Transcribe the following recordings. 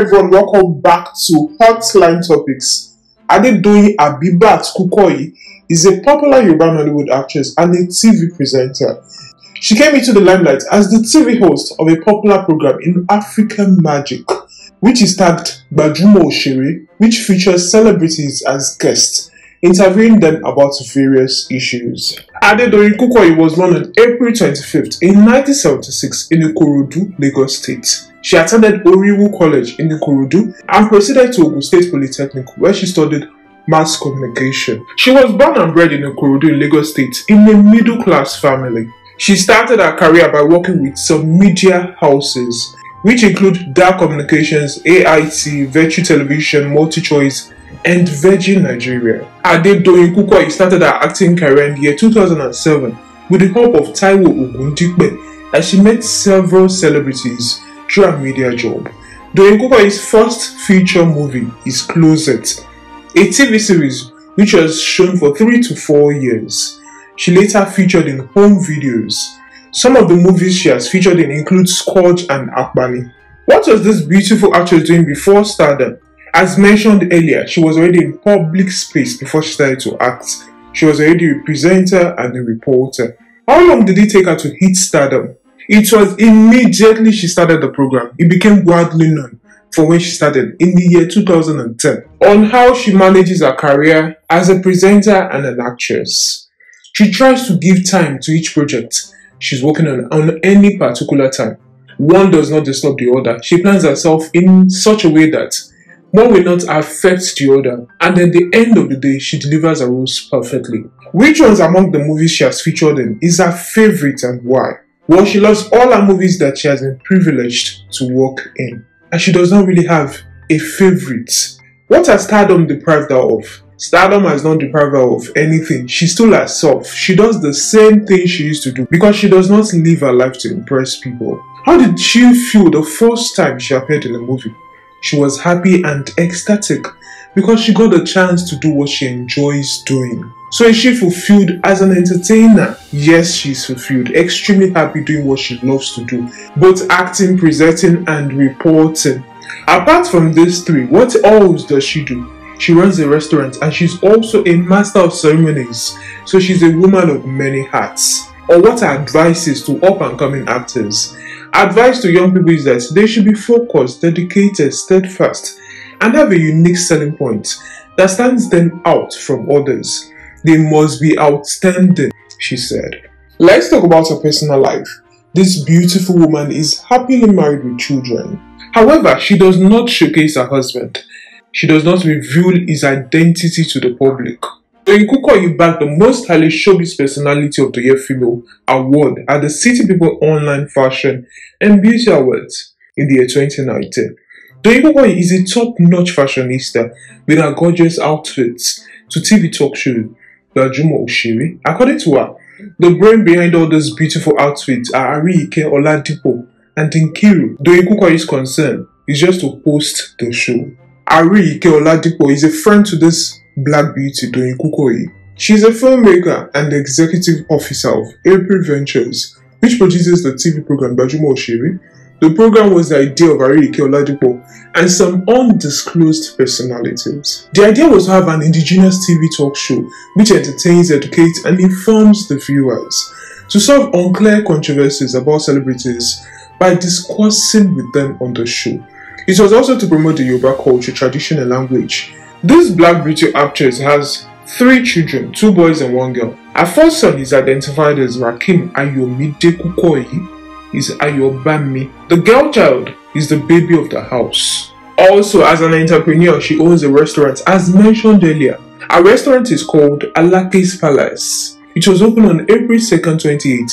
everyone, welcome back to Hotline Topics. Adedoyi Abibat Kukoyi is a popular Yoruba Hollywood actress and a TV presenter. She came into the limelight as the TV host of a popular program in African Magic, which is tagged Bajumo Oshiri, which features celebrities as guests interviewing them about various issues. Adedoyin Kukoyi was born on April 25th in 1976 in Ikorodu, Lagos State. She attended Oriwu College in Ikorodu and proceeded to Ogun State Polytechnic where she studied mass communication. She was born and bred in Ikorodu in Lagos State in a middle-class family. She started her career by working with some media houses, which include Dark Communications, AIT, Virtue Television, Multi Choice and Virgin Nigeria. Adedoyin Kukoi started her acting career in the year 2007 with the help of Taiwo Ogundipe as she met several celebrities through her media job. Doyin Kukoi's first feature movie is Closet, a TV series which was shown for 3 to 4 years. She later featured in home videos. Some of the movies she has featured in include Scourge and Akbani. What was this beautiful actress doing before stardom? As mentioned earlier, she was already in public space before she started to act. She was already a presenter and a reporter. How long did it take her to hit stardom? It was immediately she started the program. It became widely known for when she started in the year 2010 on how she manages her career as a presenter and an actress. She tries to give time to each project she's working on on any particular time. One does not disturb the other. She plans herself in such a way that one will not affect the other, and at the end of the day, she delivers her roles perfectly. Which ones among the movies she has featured in is her favorite and why? Well, she loves all her movies that she has been privileged to work in, and she does not really have a favorite. What has stardom deprived her of? Stardom has not deprived her of anything. She's still herself. She does the same thing she used to do because she does not live her life to impress people. How did she feel the first time she appeared in a movie? She was happy and ecstatic because she got a chance to do what she enjoys doing. So is she fulfilled as an entertainer? Yes, she's fulfilled, extremely happy doing what she loves to do, both acting, presenting, and reporting. Apart from these three, what else does she do? She runs a restaurant and she's also a master of ceremonies, so she's a woman of many hats. Or what are advice is to up and coming actors Advice to young people is that they should be focused, dedicated, steadfast, and have a unique selling point that stands them out from others. They must be outstanding, she said. Let's talk about her personal life. This beautiful woman is happily married with children. However, she does not showcase her husband. She does not reveal his identity to the public. So you back the most highly showbiz personality of the year female award at the City People Online Fashion and Beauty Awards in the year 2019. Doyinkokoye is a top-notch fashionista with her gorgeous outfits to TV talk show Gbajúmọ̀ Ushiri. According to her, the brain behind all those beautiful outfits are Ari Ike Oladipo and Dinkiru. Doyinkokoye's concern is just to post the show. Ari Ike Oladipo is a friend to this Black Beauty Doing Kukoi. She is a filmmaker and the executive officer of April Ventures, which produces the TV program Bajumo Oshiri. The program was the idea of Arike Oladipo and some undisclosed personalities. The idea was to have an indigenous TV talk show which entertains, educates, and informs the viewers to solve unclear controversies about celebrities by discoursing with them on the show. It was also to promote the Yoruba culture, tradition, and language this black beauty actress has three children, two boys and one girl. Her first son is identified as Rakim Ayomide Kukoyi, is Ayobami. The girl child is the baby of the house. Also, as an entrepreneur, she owns a restaurant. As mentioned earlier, A restaurant is called Alake's Palace. It was opened on April 2nd, 2018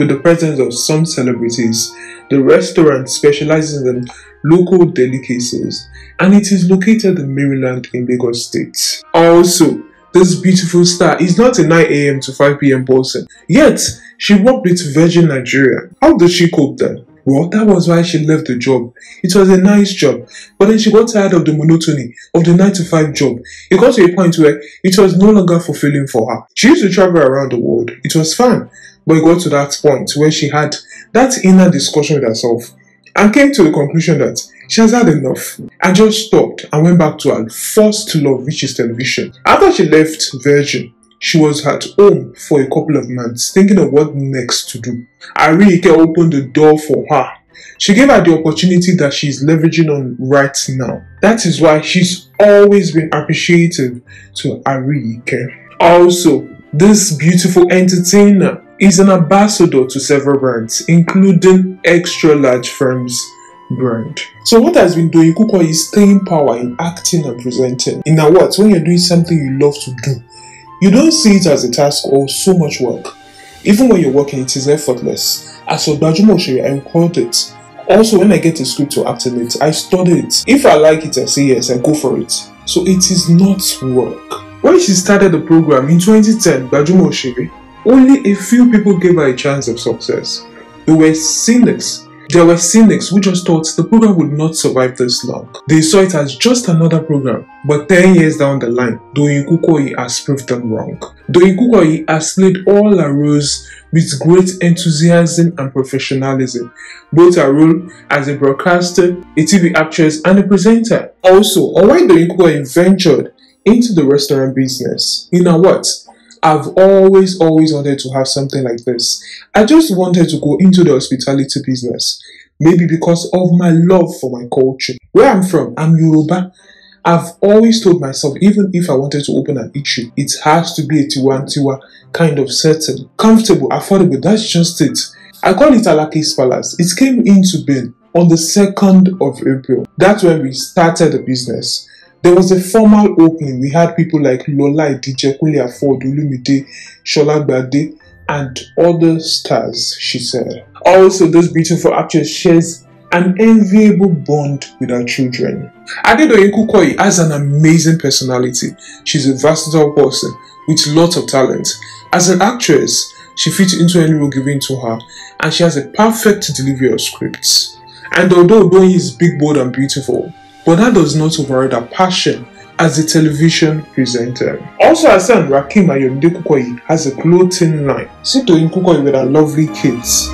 with the presence of some celebrities. The restaurant specializes in local delicacies and it is located in Maryland in Lagos State. Also, this beautiful star is not a 9am to 5pm person, yet she worked with Virgin Nigeria. How did she cope then? Well, that was why she left the job. It was a nice job, but then she got tired of the monotony of the 9 to 5 job. It got to a point where it was no longer fulfilling for her. She used to travel around the world, it was fun, but it got to that point where she had that inner discussion with herself and came to the conclusion that she has had enough and just stopped and went back to her first love, which is television. After she left Virgin, she was at home for a couple of months thinking of what next to do. Arike opened the door for her. She gave her the opportunity that she's leveraging on right now. That is why she's always been appreciative to Arike. Also, this beautiful entertainer is an ambassador to several brands, including extra large firms brand. So what has been doing Kuko is staying power in acting and presenting. In a words, when you're doing something you love to do, you don't see it as a task or so much work. Even when you're working, it is effortless. As for Dajumo Shiri, I record it. Also, when I get a script or in it, I study it. If I like it, I say yes, I go for it. So it is not work. When she started the program in 2010, Dajumo Shiri only a few people gave her a chance of success. They were cynics. There were cynics who just thought the program would not survive this long. They saw it as just another program. But 10 years down the line, Doyin Kukoi has proved them wrong. Doyin Kukoi has played all her roles with great enthusiasm and professionalism, both her role as a broadcaster, a TV actress, and a presenter. Also, why Doyin Kukoi ventured into the restaurant business. In know what? I've always, always wanted to have something like this. I just wanted to go into the hospitality business, maybe because of my love for my culture. Where I'm from, I'm Yoruba. I've always told myself, even if I wanted to open an issue, it has to be a Tiwantiwa kind of setting. Comfortable, affordable, that's just it. I call it Alaki's Palace. It came into being on the 2nd of April. That's when we started the business. There was a formal opening. We had people like Lola Idije, Ford, Afod, Shola Gbade, and other stars, she said. Also, this beautiful actress shares an enviable bond with her children. Adedoyin Kukoi has an amazing personality. She's a versatile person with lots of talent. As an actress, she fits into any role given to her and she has a perfect delivery of scripts. And although Odoyin is big, bold and beautiful, but that does not override her passion as a television presenter. Also, her son Rakim Ayomide Kukoyi has a clothing line. Sito in Kukoyi with her lovely kids.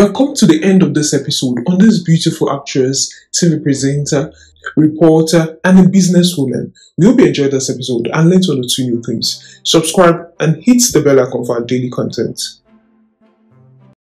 We have come to the end of this episode on this beautiful actress, TV presenter, reporter, and a businesswoman. We hope you enjoyed this episode and learned one or two new things. Subscribe and hit the bell icon for our daily content.